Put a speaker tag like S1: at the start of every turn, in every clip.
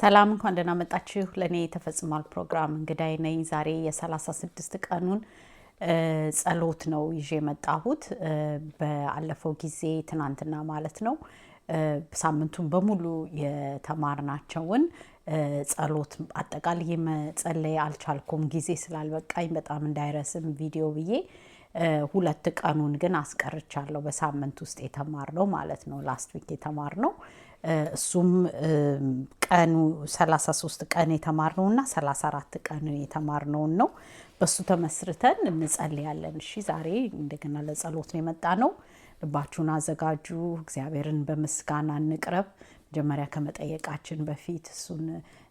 S1: ሰላም እንኳን ደህና መጣችሁ። ለእኔ የተፈጽሟል ፕሮግራም እንግዳይ ነኝ። ዛሬ የ36 ቀኑን ጸሎት ነው ይዤ የመጣሁት። በአለፈው ጊዜ ትናንትና ማለት ነው ሳምንቱን በሙሉ የተማርናቸውን ጸሎት አጠቃላይ መጸለይ አልቻልኩም፣ ጊዜ ስላልበቃኝ በጣም እንዳይረስም ቪዲዮ ብዬ ሁለት ቀኑን ግን አስቀርቻለሁ። በሳምንት ውስጥ የተማርነው ማለት ነው ላስት ዊክ የተማርነው እሱም ቀኑ 33 ቀን እና 34 ቀን የተማርነውን ነው። በሱ ተመስርተን እንጸልያለን። እሺ ዛሬ እንደገና ለጸሎት ነው የመጣ ነው። ልባችሁን አዘጋጁ። እግዚአብሔርን በምስጋና እንቅረብ። መጀመሪያ ከመጠየቃችን በፊት እሱን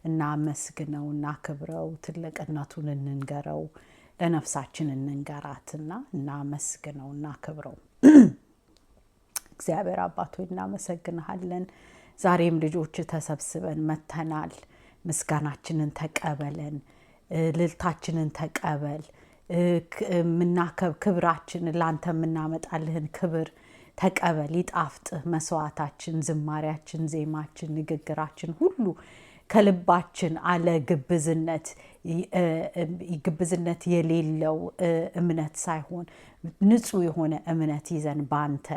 S1: እናመስግነው፣ እናክብረው፣ ትልቅነቱን እንንገረው፣ ለነፍሳችን እንንገራትና እናመስግነው፣ እናክብረው። እግዚአብሔር አባቶ እናመሰግንሃለን ዛሬም ልጆች ተሰብስበን መተናል። ምስጋናችንን ተቀበለን፣ ልልታችንን ተቀበል። ምናከብ ክብራችንን ለአንተ የምናመጣልህን ክብር ተቀበል። ይጣፍጥህ መስዋዕታችን፣ ዝማሪያችን፣ ዜማችን፣ ንግግራችን ሁሉ ከልባችን አለ ግብዝነት ግብዝነት የሌለው እምነት ሳይሆን ንጹህ የሆነ እምነት ይዘን ባንተ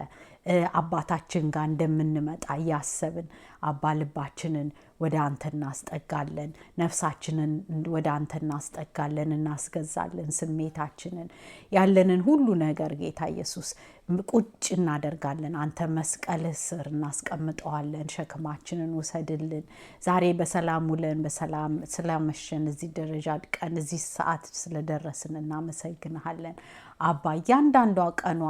S1: አባታችን ጋር እንደምንመጣ እያሰብን አባ ልባችንን ወደ አንተ እናስጠጋለን፣ ነፍሳችንን ወደ አንተ እናስጠጋለን፣ እናስገዛለን፣ ስሜታችንን ያለንን ሁሉ ነገር ጌታ ኢየሱስ ቁጭ እናደርጋለን። አንተ መስቀልህ ስር እናስቀምጠዋለን። ሸክማችንን ውሰድልን። ዛሬ በሰላም ውለን በሰላም ስለመሸን እዚህ ደረጃ ቀን እዚህ ሰዓት ስለደረስን እናመሰግንሃለን አባ። እያንዳንዷ ቀኗ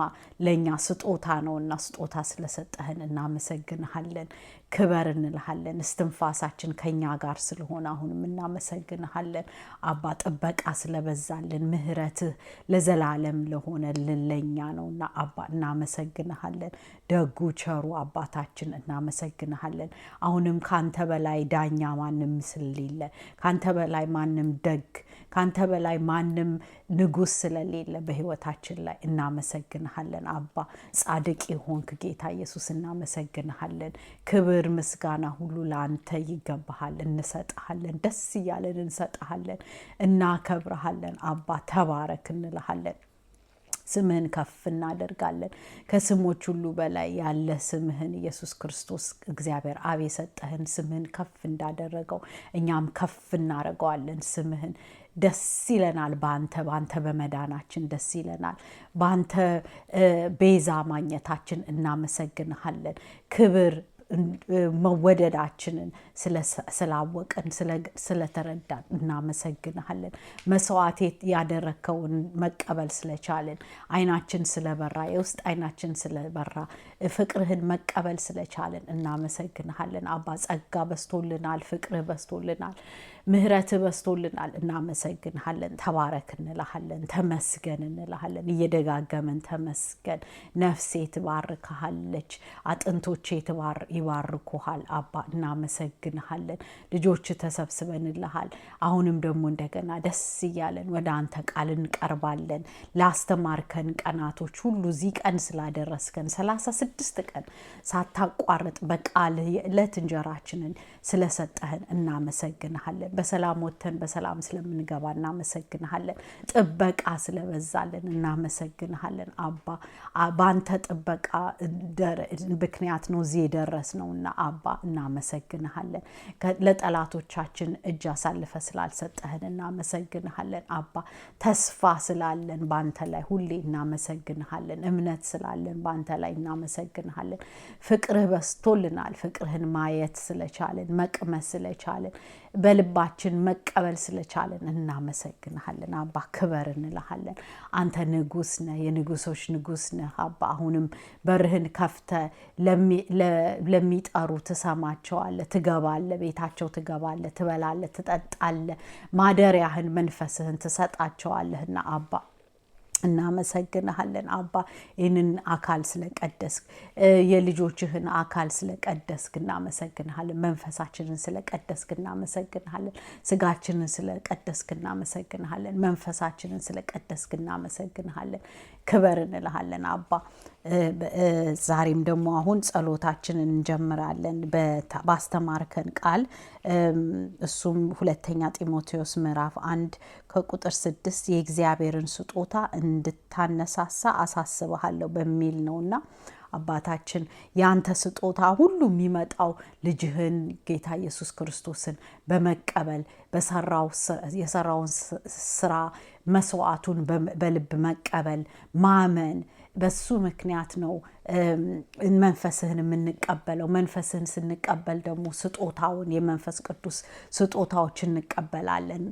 S1: ለእኛ ስጦታ እና ስጦታ ስለሰጠህን እናመሰግንሃለን። ክበር እንልሃለን። እስትንፋሳችን ከኛ ጋር ስለሆነ አሁንም እናመሰግንሃለን አባ። ጥበቃ ስለበዛልን ምህረትህ ለዘላለም ለሆነ ልለኛ ነውና አባ እናመሰግንሃለን። ደጉ ቸሩ አባታችን እናመሰግንሃለን። አሁንም ካንተ በላይ ዳኛ ማንም ስለሌለ ካንተ በላይ ማንም ደግ ከአንተ በላይ ማንም ንጉሥ ስለሌለ በሕይወታችን ላይ እናመሰግንሃለን። አባ ጻድቅ የሆንክ ጌታ ኢየሱስ እናመሰግንሃለን። ክብር ምስጋና ሁሉ ለአንተ ይገባሃል። እንሰጥሃለን፣ ደስ እያለን እንሰጥሃለን፣ እናከብረሃለን። አባ ተባረክ እንልሃለን። ስምህን ከፍ እናደርጋለን። ከስሞች ሁሉ በላይ ያለ ስምህን ኢየሱስ ክርስቶስ እግዚአብሔር አብ የሰጠህን ስምህን ከፍ እንዳደረገው እኛም ከፍ እናደርገዋለን ስምህን ደስ ይለናል። በአንተ በአንተ በመዳናችን ደስ ይለናል። በአንተ ቤዛ ማግኘታችን እናመሰግንሃለን። ክብር መወደዳችንን ስላወቅን ስለተረዳን እናመሰግንሃለን። መስዋዕት ያደረከውን መቀበል ስለቻልን አይናችን ስለበራ የውስጥ አይናችን ስለበራ ፍቅርህን መቀበል ስለቻልን እናመሰግንሃለን አባ። ጸጋ በስቶልናል ፍቅርህ በስቶልናል ምህረት በስቶልናል፣ እናመሰግንሃለን፣ ተባረክ እንልሃለን፣ ተመስገን እንልሃለን። እየደጋገመን ተመስገን፣ ነፍሴ ትባርክሃለች፣ አጥንቶቼ ይባርኩሃል። አባ እናመሰግንሃለን። ልጆች ተሰብስበንልሃል። አሁንም ደግሞ እንደገና ደስ እያለን ወደ አንተ ቃል እንቀርባለን። ላስተማርከን ቀናቶች ሁሉ እዚህ ቀን ስላደረስከን ሰላሳ ስድስት ቀን ሳታቋርጥ በቃል የዕለት እንጀራችንን ስለሰጠህን እናመሰግንሃለን። በሰላም ወጥተን በሰላም ስለምንገባ እናመሰግንሃለን። ጥበቃ ስለበዛልን እናመሰግንሃለን። አባ በአንተ ጥበቃ ምክንያት ነው እዚህ ነው እና አባ እናመሰግንሃለን። ለጠላቶቻችን እጅ አሳልፈ ስላልሰጠህን እናመሰግንሃለን። አባ ተስፋ ስላለን በአንተ ላይ ሁሌ እናመሰግንሃለን። እምነት ስላለን በአንተ ላይ እናመሰግንሃለን። ፍቅርህ በስቶልናል። ፍቅርህን ማየት ስለቻለን መቅመስ ስለቻለን በልባችን መቀበል ስለቻለን እናመሰግንሃለን። አባ ክበር እንልሃለን። አንተ ንጉስ ነህ፣ የንጉሶች ንጉስ ነህ። አባ አሁንም በርህን ከፍተ ለሚጠሩ ትሰማቸዋለህ፣ ትገባለህ፣ ቤታቸው ትገባለህ፣ ትበላለህ፣ ትጠጣለህ፣ ማደሪያህን መንፈስህን ትሰጣቸዋለህና አባ እናመሰግንሃለን አባ ይህንን አካል ስለቀደስክ የልጆችህን አካል ስለቀደስክ እናመሰግንሃለን። መንፈሳችንን ስለቀደስክ እናመሰግንሃለን። ስጋችንን ስለቀደስክ እናመሰግንሃለን። መንፈሳችንን ስለቀደስክ እናመሰግንሃለን። ክበር እንልሃለን አባ ዛሬም ደግሞ አሁን ጸሎታችንን እንጀምራለን ባስተማርከን ቃል እሱም ሁለተኛ ጢሞቴዎስ ምዕራፍ አንድ ከቁጥር ስድስት የእግዚአብሔርን ስጦታ እንድታነሳሳ አሳስበሃለሁ በሚል ነውና አባታችን ያንተ ስጦታ ሁሉ የሚመጣው ልጅህን ጌታ ኢየሱስ ክርስቶስን በመቀበል የሰራውን ስራ መስዋዕቱን በልብ መቀበል ማመን በሱ ምክንያት ነው መንፈስህን የምንቀበለው። መንፈስህን ስንቀበል ደግሞ ስጦታውን የመንፈስ ቅዱስ ስጦታዎች እንቀበላለን።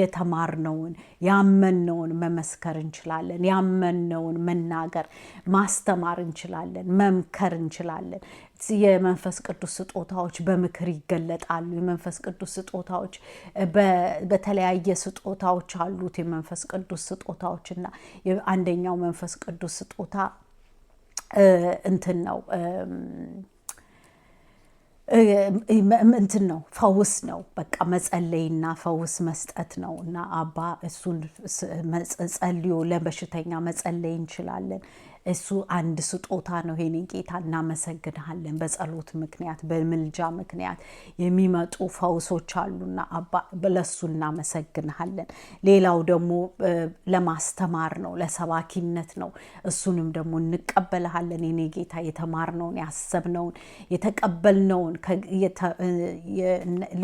S1: የተማርነውን ያመንነውን መመስከር እንችላለን። ያመንነውን መናገር ማስተማር እንችላለን። መምከር እንችላለን። የመንፈስ ቅዱስ ስጦታዎች በምክር ይገለጣሉ። የመንፈስ ቅዱስ ስጦታዎች በተለያየ ስጦታዎች አሉት። የመንፈስ ቅዱስ ስጦታዎች እና አንደኛው መንፈስ ቅዱስ ስጦታ እንትን ነው እንትን ነው ፈውስ ነው። በቃ መጸለይና ፈውስ መስጠት ነው። እና አባ እሱን ጸልዮ ለበሽተኛ መጸለይ እንችላለን። እሱ አንድ ስጦታ ነው። ይሄንን ጌታ እናመሰግንሃለን። በጸሎት ምክንያት በምልጃ ምክንያት የሚመጡ ፈውሶች አሉና አባ ለሱ እናመሰግንሃለን። ሌላው ደግሞ ለማስተማር ነው፣ ለሰባኪነት ነው። እሱንም ደግሞ እንቀበልሃለን። የኔ ጌታ የተማርነውን ያሰብነውን የተቀበልነውን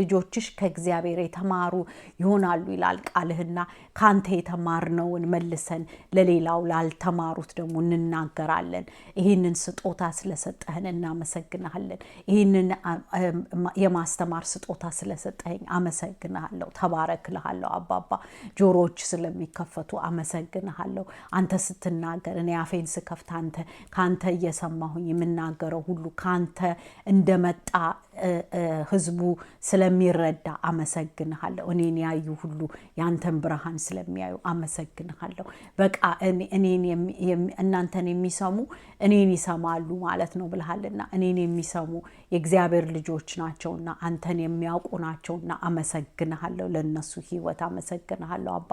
S1: ልጆችሽ ከእግዚአብሔር የተማሩ ይሆናሉ ይላል ቃልህና ከአንተ የተማርነውን መልሰን ለሌላው ላልተማሩት ደግሞ እንና እንናገራለን። ይህንን ስጦታ ስለሰጠህን እናመሰግናለን ይህንን የማስተማር ስጦታ ስለሰጠኝ አመሰግንሃለሁ። ተባረክልሃለሁ። አባባ ጆሮዎች ስለሚከፈቱ አመሰግናለሁ። አንተ ስትናገር እኔ አፌን ስከፍት አንተ ከአንተ እየሰማሁኝ የምናገረው ሁሉ ከአንተ እንደመጣ ህዝቡ ስለሚረዳ አመሰግንሃለሁ። እኔን ያዩ ሁሉ ያንተን ብርሃን ስለሚያዩ አመሰግንሃለሁ። በቃ እናንተን የሚሰሙ እኔን ይሰማሉ ማለት ነው ብልሃልና እኔን የሚሰሙ የእግዚአብሔር ልጆች ናቸውና አንተን የሚያውቁ ናቸውና አመሰግንሃለሁ። ለእነሱ ህይወት አመሰግንሃለሁ አባ።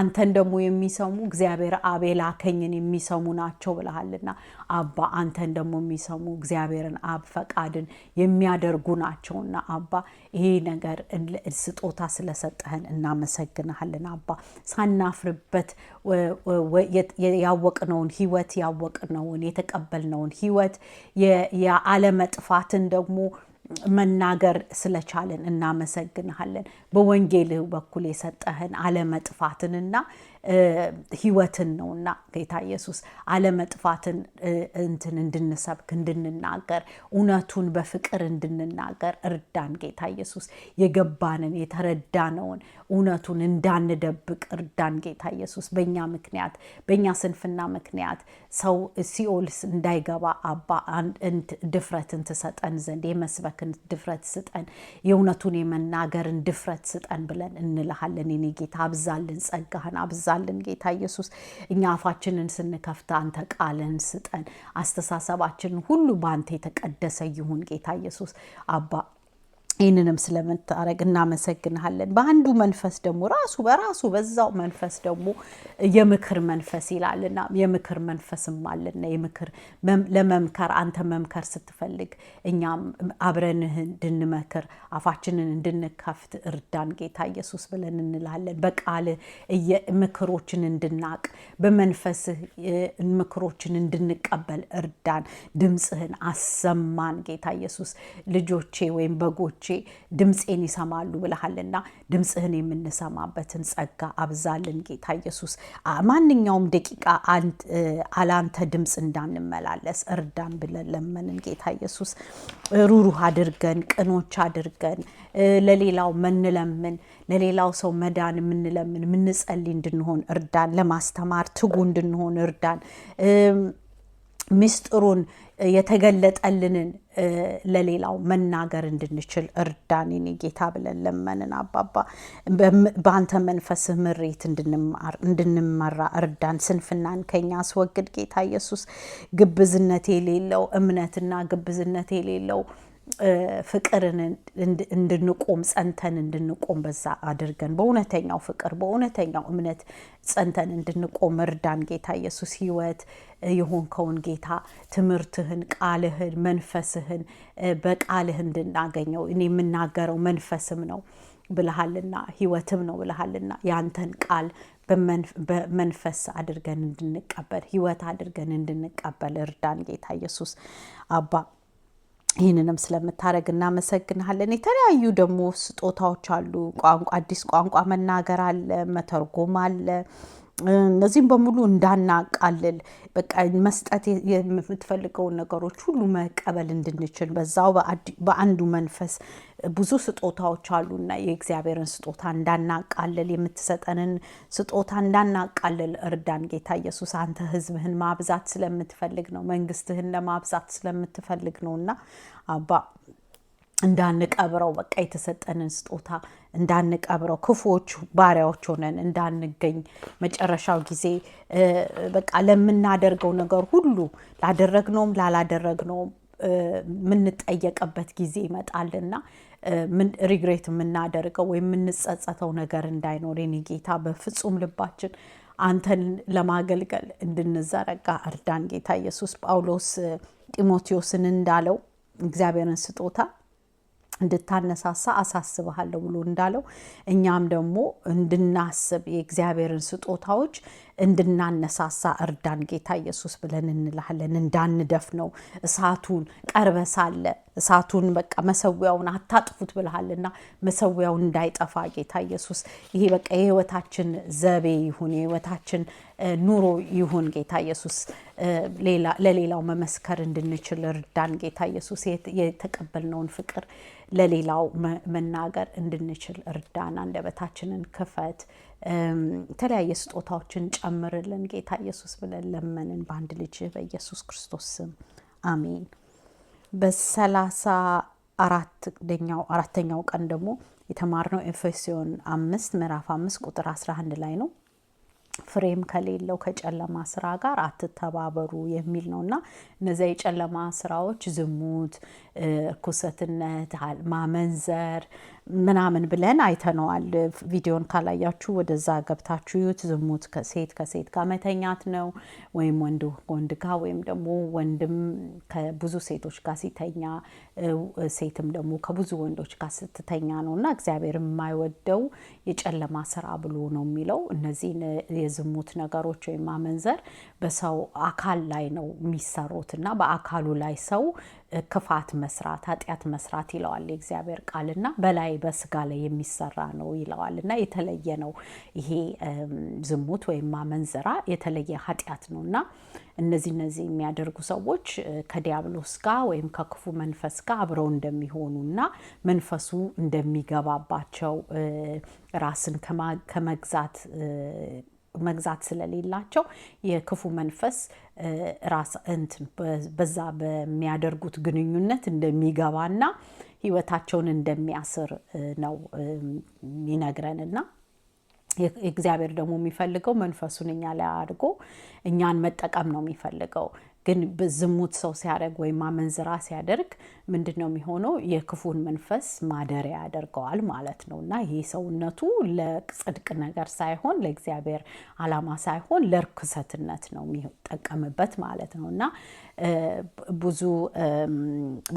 S1: አንተን ደግሞ የሚሰሙ እግዚአብሔር አቤ ላከኝን የሚሰሙ ናቸው ብለሃልና አባ አንተን ደግሞ የሚሰሙ እግዚአብሔርን አብ ፈቃድን የሚያደርጉ ናቸውና አባ ይሄ ነገር ስጦታ ስለሰጠህን እናመሰግንሃለን አባ። ሳናፍርበት ያወቅነውን ህይወት ያወቅነውን የተቀበልነውን ህይወት የአለመጥፋትን ደግሞ መናገር ስለቻለን እናመሰግንሃለን። በወንጌልህ በኩል የሰጠህን አለመጥፋትንና ህይወትን ነውና ጌታ ኢየሱስ አለመጥፋትን እንትን እንድንሰብክ እንድንናገር እውነቱን በፍቅር እንድንናገር እርዳን። ጌታ ኢየሱስ የገባንን የተረዳነውን እውነቱን እንዳንደብቅ እርዳን። ጌታ ኢየሱስ በእኛ ምክንያት በእኛ ስንፍና ምክንያት ሰው ሲኦልስ እንዳይገባ አባ ድፍረትን ትሰጠን ዘንድ የመስበክን ድፍረት ስጠን፣ የእውነቱን የመናገርን ድፍረት ስጠን ብለን እንልሃለን። የኔ ጌታ አብዛልን፣ ጸጋህን አብዛ አብዛልን ጌታ ኢየሱስ። እኛ አፋችንን ስንከፍት አንተ ቃልን ስጠን። አስተሳሰባችንን ሁሉ በአንተ የተቀደሰ ይሁን ጌታ ኢየሱስ አባ ይህንንም ስለምታረግ እናመሰግንሃለን። በአንዱ መንፈስ ደግሞ ራሱ በራሱ በዛው መንፈስ ደግሞ የምክር መንፈስ ይላልና የምክር መንፈስም አለና የምክር ለመምከር አንተ መምከር ስትፈልግ እኛም አብረንህ እንድንመክር አፋችንን እንድንከፍት እርዳን ጌታ ኢየሱስ ብለን እንላለን። በቃል ምክሮችን እንድናቅ በመንፈስህ ምክሮችን እንድንቀበል እርዳን። ድምፅህን አሰማን ጌታ ኢየሱስ። ልጆቼ ወይም በጎች ድምፄን ይሰማሉ ብለሃልና ድምፅህን የምንሰማበትን ጸጋ አብዛልን ጌታ ኢየሱስ። ማንኛውም ደቂቃ አላንተ ድምፅ እንዳንመላለስ እርዳን ብለን ለመንን ጌታ ኢየሱስ። ሩሩህ አድርገን፣ ቅኖች አድርገን ለሌላው መንለምን ለሌላው ሰው መዳን የምንለምን የምንጸልይ እንድንሆን እርዳን። ለማስተማር ትጉ እንድንሆን እርዳን። ምስጢሩን የተገለጠልንን ለሌላው መናገር እንድንችል እርዳን የኔ ጌታ ብለን ለመንን። አባባ በአንተ መንፈስህ ምሬት እንድንመራ እርዳን። ስንፍናን ከኛ አስወግድ ጌታ ኢየሱስ። ግብዝነት የሌለው እምነትና ግብዝነት የሌለው ፍቅርን እንድንቆም ጸንተን እንድንቆም በዛ አድርገን በእውነተኛው ፍቅር በእውነተኛው እምነት ጸንተን እንድንቆም እርዳን። ጌታ ኢየሱስ ሕይወት የሆንከውን ጌታ ትምህርትህን፣ ቃልህን፣ መንፈስህን በቃልህ እንድናገኘው እኔ የምናገረው መንፈስም ነው ብልሃልና ሕይወትም ነው ብልሃልና ያንተን ቃል በመንፈስ አድርገን እንድንቀበል ሕይወት አድርገን እንድንቀበል እርዳን ጌታ ኢየሱስ አባ ይህንንም ስለምታደረግ እናመሰግናለን። የተለያዩ ደግሞ ስጦታዎች አሉ። ቋንቋ አዲስ ቋንቋ መናገር አለ፣ መተርጎም አለ እነዚህም በሙሉ እንዳናቃልል በቃ መስጠት የምትፈልገውን ነገሮች ሁሉ መቀበል እንድንችል በዛው በአንዱ መንፈስ ብዙ ስጦታዎች አሉና የእግዚአብሔርን ስጦታ እንዳናቃልል የምትሰጠንን ስጦታ እንዳናቃልል እርዳን። ጌታ ኢየሱስ አንተ ሕዝብህን ማብዛት ስለምትፈልግ ነው፣ መንግስትህን ለማብዛት ስለምትፈልግ ነውና አባ እንዳንቀብረው በቃ የተሰጠንን ስጦታ እንዳንቀብረው ክፉዎች ባሪያዎች ሆነን እንዳንገኝ መጨረሻው ጊዜ በቃ ለምናደርገው ነገር ሁሉ ላደረግነውም ላላደረግነውም የምንጠየቅበት ጊዜ ይመጣልና ሪግሬት የምናደርገው ወይም የምንጸጸተው ነገር እንዳይኖር የኔ ጌታ በፍጹም ልባችን አንተን ለማገልገል እንድንዘረጋ እርዳን ጌታ ኢየሱስ። ጳውሎስ ጢሞቴዎስን እንዳለው እግዚአብሔርን ስጦታ እንድታነሳሳ አሳስብሃለሁ ብሎ እንዳለው እኛም ደግሞ እንድናስብ የእግዚአብሔርን ስጦታዎች እንድናነሳሳ እርዳን ጌታ ኢየሱስ ብለን እንላለን። እንዳንደፍ ነው እሳቱን ቀርበ ሳለ እሳቱን በቃ መሰዊያውን አታጥፉት ብልሃልና መሰዊያውን እንዳይጠፋ ጌታ ኢየሱስ ይሄ በቃ የህይወታችን ዘቤ ይሁን የህይወታችን ኑሮ ይሁን ጌታ ኢየሱስ ለሌላው መመስከር እንድንችል እርዳን ጌታ ኢየሱስ የተቀበልነውን ፍቅር ለሌላው መናገር እንድንችል እርዳን አንደበታችንን ክፈት የተለያየ ስጦታዎችን ጨምርልን ጌታ ኢየሱስ ብለን ለመንን። በአንድ ልጅ በኢየሱስ ክርስቶስ ስም አሜን። በሰላሳ አራተኛው አራተኛው ቀን ደግሞ የተማርነው ኤፌሲዮን አምስት ምዕራፍ አምስት ቁጥር 11 ላይ ነው። ፍሬም ከሌለው ከጨለማ ስራ ጋር አትተባበሩ የሚል ነው እና እነዚያ የጨለማ ስራዎች ዝሙት፣ ኩሰትነት ማመንዘር ምናምን ብለን አይተነዋል። ቪዲዮን ካላያችሁ ወደዛ ገብታችሁ ዝሙት ከሴት ከሴት ጋር መተኛት ነው፣ ወይም ወንድ ወንድ ጋር ወይም ደግሞ ወንድም ከብዙ ሴቶች ጋር ሲተኛ፣ ሴትም ደግሞ ከብዙ ወንዶች ጋር ስትተኛ ነው እና እግዚአብሔር የማይወደው የጨለማ ስራ ብሎ ነው የሚለው። እነዚህን የዝሙት ነገሮች ወይም ማመንዘር በሰው አካል ላይ ነው የሚሰሩት እና በአካሉ ላይ ሰው ክፋት መስራት ኃጢአት መስራት ይለዋል የእግዚአብሔር ቃል እና በላይ በስጋ ላይ የሚሰራ ነው ይለዋል እና የተለየ ነው ይሄ ዝሙት ወይም ማመንዘራ የተለየ ኃጢአት ነው እና እነዚህ እነዚህ የሚያደርጉ ሰዎች ከዲያብሎስ ጋር ወይም ከክፉ መንፈስ ጋር አብረው እንደሚሆኑ እና መንፈሱ እንደሚገባባቸው ራስን ከመግዛት መግዛት ስለሌላቸው የክፉ መንፈስ ራስ እንትን በዛ በሚያደርጉት ግንኙነት እንደሚገባና ህይወታቸውን እንደሚያስር ነው ይነግረንና እግዚአብሔር ደግሞ የሚፈልገው መንፈሱን እኛ ላይ አድርጎ እኛን መጠቀም ነው የሚፈልገው። ግን ዝሙት ሰው ሲያደርግ ወይም አመንዝራ ሲያደርግ ምንድን ነው የሚሆነው? የክፉን መንፈስ ማደሪያ ያደርገዋል ማለት ነው እና ይህ ሰውነቱ ለጽድቅ ነገር ሳይሆን ለእግዚአብሔር ዓላማ ሳይሆን ለርኩሰትነት ነው የሚጠቀምበት ማለት ነው እና ብዙ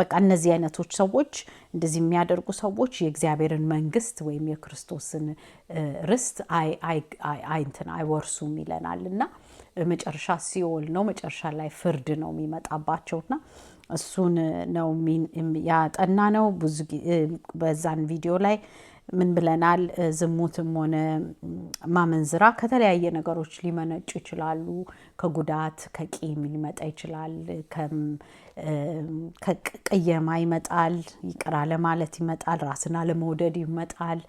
S1: በቃ እነዚህ አይነቶች ሰዎች እንደዚህ የሚያደርጉ ሰዎች የእግዚአብሔርን መንግስት ወይም የክርስቶስን ርስት አይወርሱም ይለናል እና መጨረሻ ሲኦል ነው፣ መጨረሻ ላይ ፍርድ ነው የሚመጣባቸውና እሱን ነው ያጠና ነው። ብዙ በዛን ቪዲዮ ላይ ምን ብለናል? ዝሙትም ሆነ ማመንዝራ ከተለያየ ነገሮች ሊመነጩ ይችላሉ። ከጉዳት ከቂም ሊመጣ ይችላል። ከቅየማ ይመጣል። ይቅር አለማለት ይመጣል። ራስን አለመውደድ ይመጣል።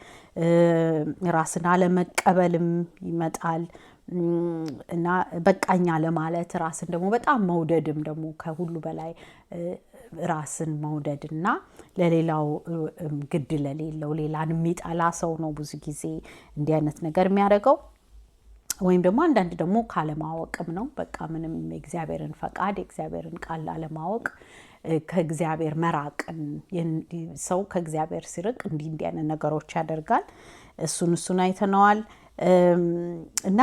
S1: ራስን አለመቀበልም ይመጣል። እና በቃኛ ለማለት ራስን ደግሞ በጣም መውደድም ደግሞ ከሁሉ በላይ ራስን መውደድ እና ለሌላው ግድ ለሌለው ሌላን የሚጠላ ሰው ነው ብዙ ጊዜ እንዲህ አይነት ነገር የሚያደርገው። ወይም ደግሞ አንዳንድ ደግሞ ካለማወቅም ነው። በቃ ምንም የእግዚአብሔርን ፈቃድ የእግዚአብሔርን ቃል ላለማወቅ ከእግዚአብሔር መራቅን ሰው ከእግዚአብሔር ሲርቅ እንዲህ እንዲህ አይነት ነገሮች ያደርጋል። እሱን እሱን አይተነዋል። እና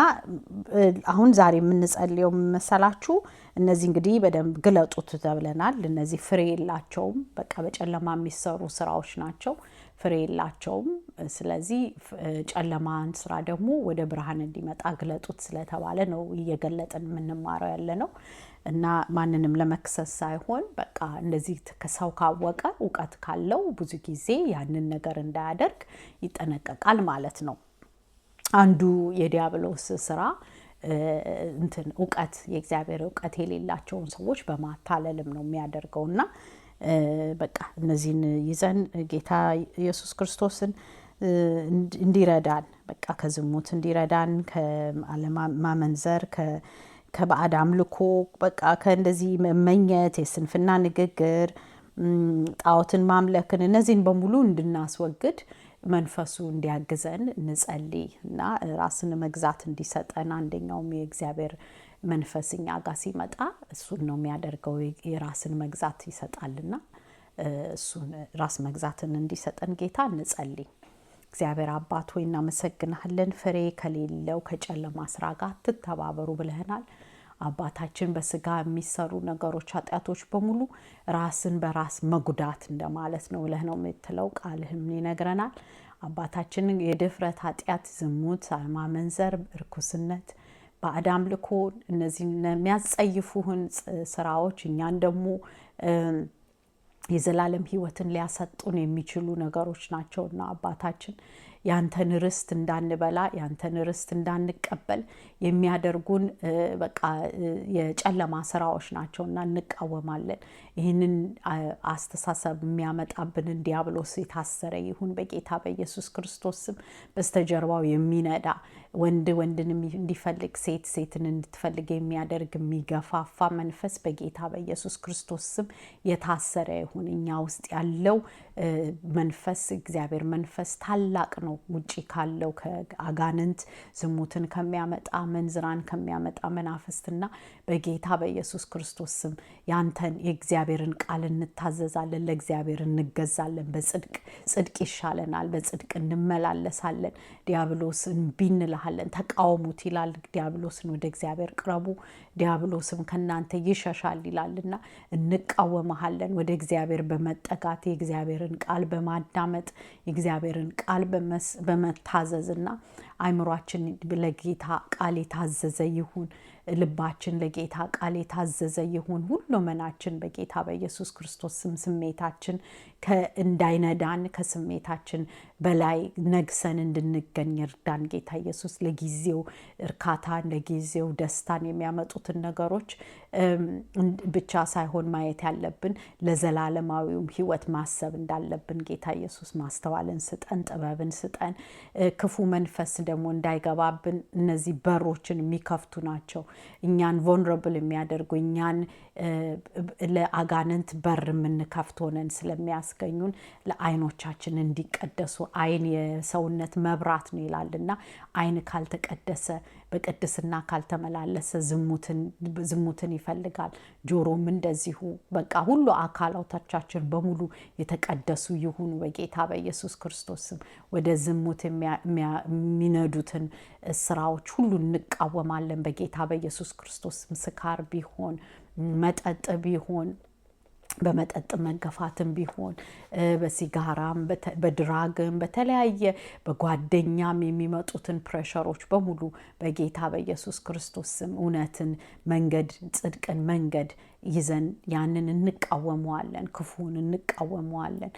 S1: አሁን ዛሬ የምንጸልየው መሰላችሁ እነዚህ እንግዲህ በደንብ ግለጡት ተብለናል። እነዚህ ፍሬ የላቸውም። በቃ በጨለማ የሚሰሩ ስራዎች ናቸው። ፍሬ የላቸውም። ስለዚህ ጨለማን ስራ ደግሞ ወደ ብርሃን እንዲመጣ ግለጡት ስለተባለ ነው እየገለጥን የምንማረው ያለ ነው እና ማንንም ለመክሰስ ሳይሆን በቃ እንደዚህ ከሰው ካወቀ እውቀት ካለው ብዙ ጊዜ ያንን ነገር እንዳያደርግ ይጠነቀቃል ማለት ነው። አንዱ የዲያብሎስ ስራ እንትን እውቀት የእግዚአብሔር እውቀት የሌላቸውን ሰዎች በማታለልም ነው የሚያደርገው እና በቃ እነዚህን ይዘን ጌታ ኢየሱስ ክርስቶስን እንዲረዳን በቃ ከዝሙት እንዲረዳን ከአለማመንዘር ከባዕድ አምልኮ በቃ ከእንደዚህ መመኘት፣ የስንፍና ንግግር፣ ጣዖትን ማምለክን እነዚህን በሙሉ እንድናስወግድ መንፈሱ እንዲያግዘን እንጸልይ እና ራስን መግዛት እንዲሰጠን አንደኛውም የእግዚአብሔር መንፈስ እኛ ሲመጣ እሱን ነው የሚያደርገው። የራስን መግዛት ይሰጣልና እሱን ራስ መግዛትን እንዲሰጠን ጌታ እንጸልይ። እግዚአብሔር አባት ሆይ እናመሰግናለን። ፍሬ ከሌለው ከጨለማ ስራ ጋር ትተባበሩ ብለህናል። አባታችን በስጋ የሚሰሩ ነገሮች ኃጢአቶች በሙሉ ራስን በራስ መጉዳት እንደማለት ነው ብለህ ነው የምትለው። ቃልህም ይነግረናል። አባታችን የድፍረት ኃጢአት፣ ዝሙት፣ ማመንዘር፣ እርኩስነት፣ በአዳም ልኮ እነዚህ የሚያጸይፉህን ስራዎች እኛን ደግሞ የዘላለም ህይወትን ሊያሰጡን የሚችሉ ነገሮች ናቸውና አባታችን ያንተን ርስት እንዳንበላ ያንተን ርስት እንዳንቀበል የሚያደርጉን በቃ የጨለማ ስራዎች ናቸው እና እንቃወማለን። ይህንን አስተሳሰብ የሚያመጣብንን ዲያብሎስ የታሰረ ይሁን በጌታ በኢየሱስ ክርስቶስ ስም በስተጀርባው የሚነዳ ወንድ ወንድን እንዲፈልግ ሴት ሴትን እንድትፈልግ የሚያደርግ የሚገፋፋ መንፈስ በጌታ በኢየሱስ ክርስቶስ ስም የታሰረ ይሁን። እኛ ውስጥ ያለው መንፈስ እግዚአብሔር መንፈስ ታላቅ ነው። ውጪ ካለው ከአጋንንት ዝሙትን ከሚያመጣ መንዝራን ከሚያመጣ መናፍስትና በጌታ በኢየሱስ ክርስቶስ ስም ያንተን የእግዚአብሔርን ቃል እንታዘዛለን። ለእግዚአብሔር እንገዛለን። በጽድቅ ጽድቅ ይሻለናል። በጽድቅ እንመላለሳለን። ዲያብሎስ እምቢ እንመታሃለን፣ ተቃውሙት ይላል። ዲያብሎስን ወደ እግዚአብሔር ቅረቡ፣ ዲያብሎስም ከእናንተ ይሸሻል ይላልና እንቃወመሃለን። ወደ እግዚአብሔር በመጠጋት የእግዚአብሔርን ቃል በማዳመጥ የእግዚአብሔርን ቃል በመታዘዝና አይምሯችን ለጌታ ቃል የታዘዘ ይሁን ልባችን ለጌታ ቃል የታዘዘ ይሁን። ሁሉ መናችን በጌታ በኢየሱስ ክርስቶስ ስም ስሜታችን እንዳይነዳን ከስሜታችን በላይ ነግሰን እንድንገኝ እርዳን። ጌታ ኢየሱስ ለጊዜው እርካታን፣ ለጊዜው ደስታን የሚያመጡትን ነገሮች ብቻ ሳይሆን ማየት ያለብን ለዘላለማዊውም ሕይወት ማሰብ እንዳለብን ጌታ ኢየሱስ ማስተዋልን ስጠን፣ ጥበብን ስጠን። ክፉ መንፈስ ደግሞ እንዳይገባብን እነዚህ በሮችን የሚከፍቱ ናቸው። እኛን ቮንረብል የሚያደርጉ እኛን ለአጋንንት በር የምንከፍት ሆነን ስለሚያስገኙን ለአይኖቻችን እንዲቀደሱ አይን የሰውነት መብራት ነው ይላል አይን ካልተቀደሰ በቅድስና ካልተመላለሰ ዝሙትን ይፈልጋል። ጆሮም እንደዚሁ በቃ ሁሉ አካላቶቻችን በሙሉ የተቀደሱ ይሁኑ በጌታ በኢየሱስ ክርስቶስም። ወደ ዝሙት የሚነዱትን ስራዎች ሁሉ እንቃወማለን በጌታ በኢየሱስ ክርስቶስም። ስካር ቢሆን መጠጥ ቢሆን በመጠጥ መገፋትም ቢሆን በሲጋራም በድራግም በተለያየ በጓደኛም የሚመጡትን ፕሬሸሮች በሙሉ በጌታ በኢየሱስ ክርስቶስ ስም እውነትን መንገድ ጽድቅን መንገድ ይዘን ያንን እንቃወመዋለን፣ ክፉን እንቃወመዋለን፣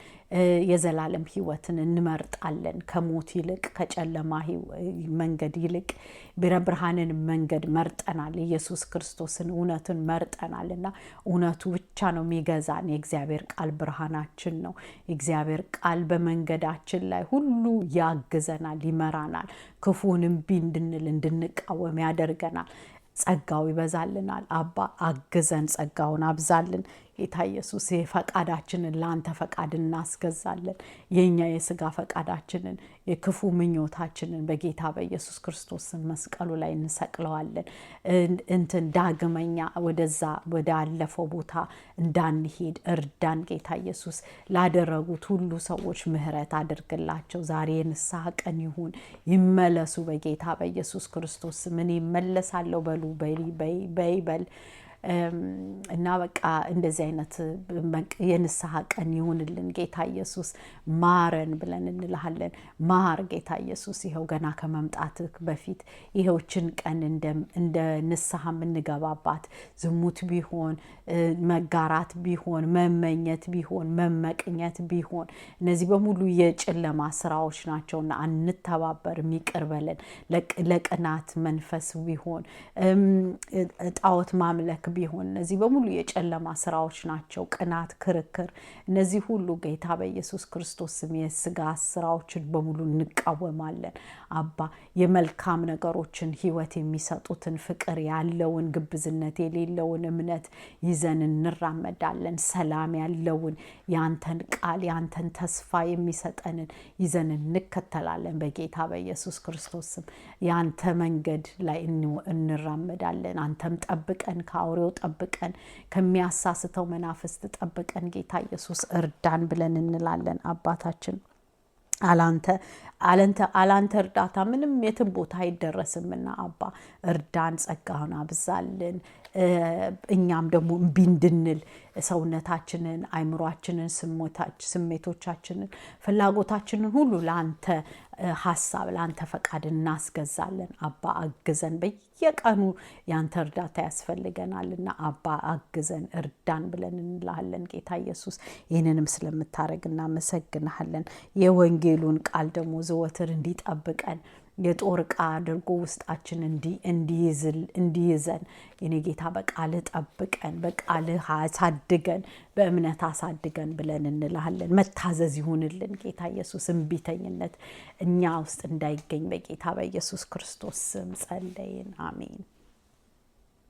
S1: የዘላለም ህይወትን እንመርጣለን። ከሞት ይልቅ ከጨለማ መንገድ ይልቅ ብርሃንን መንገድ መርጠናል። ኢየሱስ ክርስቶስን እውነትን መርጠናል እና እውነቱ ብቻ ነው የሚገዛን። የእግዚአብሔር ቃል ብርሃናችን ነው። የእግዚአብሔር ቃል በመንገዳችን ላይ ሁሉ ያግዘናል፣ ይመራናል፣ ክፉን እምቢ እንድንል እንድንቃወም ያደርገናል። ጸጋው ይበዛልናል። አባ አግዘን፣ ጸጋውን አብዛልን። ጌታ ኢየሱስ ፈቃዳችንን ለአንተ ፈቃድ እናስገዛለን። የእኛ የስጋ ፈቃዳችንን የክፉ ምኞታችንን በጌታ በኢየሱስ ክርስቶስ መስቀሉ ላይ እንሰቅለዋለን። እንትን ዳግመኛ ወደዛ ወዳለፈው ቦታ እንዳንሄድ እርዳን። ጌታ ኢየሱስ ላደረጉት ሁሉ ሰዎች ምሕረት አድርግላቸው። ዛሬ የንስሐ ቀን ይሁን፣ ይመለሱ። በጌታ በኢየሱስ ክርስቶስ ምን ይመለሳለሁ በሉ በይበል እና በቃ እንደዚህ አይነት የንስሐ ቀን ይሁንልን። ጌታ ኢየሱስ ማረን ብለን እንልሃለን። ማር ጌታ ኢየሱስ፣ ይኸው ገና ከመምጣት በፊት ይኸውችን ቀን እንደ ንስሐ የምንገባባት ዝሙት ቢሆን መጋራት ቢሆን መመኘት ቢሆን መመቅኘት ቢሆን እነዚህ በሙሉ የጨለማ ስራዎች ናቸውና አንተባበር፣ ይቅር በለን። ለቅናት መንፈስ ቢሆን ጣዖት ማምለክ ቢሆን እነዚህ በሙሉ የጨለማ ስራዎች ናቸው። ቅናት፣ ክርክር፣ እነዚህ ሁሉ ጌታ በኢየሱስ ክርስቶስ ስም የስጋ ስራዎችን በሙሉ እንቃወማለን። አባ የመልካም ነገሮችን ህይወት የሚሰጡትን ፍቅር ያለውን ግብዝነት የሌለውን እምነት ይዘን እንራመዳለን። ሰላም ያለውን ያንተን ቃል ያንተን ተስፋ የሚሰጠንን ይዘን እንከተላለን። በጌታ በኢየሱስ ክርስቶስ ስም ያንተ መንገድ ላይ እንራመዳለን። አንተም ጠብቀን ከአውሬ ከአውሬው ጠብቀን፣ ከሚያሳስተው መናፍስት ጠብቀን፣ ጌታ ኢየሱስ እርዳን ብለን እንላለን አባታችን አላንተ አለንተ አላንተ እርዳታ ምንም የትም ቦታ አይደረስምና አባ እርዳን፣ ጸጋህን አብዛልን። እኛም ደግሞ እምቢ እንድንል ሰውነታችንን፣ አይምሯችንን፣ ስሜቶቻችንን፣ ፍላጎታችንን ሁሉ ለአንተ ሀሳብ ለአንተ ፈቃድ እናስገዛለን። አባ አግዘን፣ በየቀኑ ያንተ እርዳታ ያስፈልገናል እና አባ አግዘን፣ እርዳን ብለን እንላለን ጌታ ኢየሱስ ይህንንም ስለምታደርግ እናመሰግናሃለን። የወንጌሉን ቃል ደግሞ ዘወትር እንዲጠብቀን የጦር ዕቃ አድርጎ ውስጣችን እንዲይዘን የኔ ጌታ በቃልህ ጠብቀን፣ በቃልህ አሳድገን፣ በእምነት አሳድገን ብለን እንልሃለን። መታዘዝ ይሁንልን ጌታ ኢየሱስ። እምቢተኝነት እኛ ውስጥ እንዳይገኝ በጌታ በኢየሱስ ክርስቶስ ስም ጸለይን። አሜን።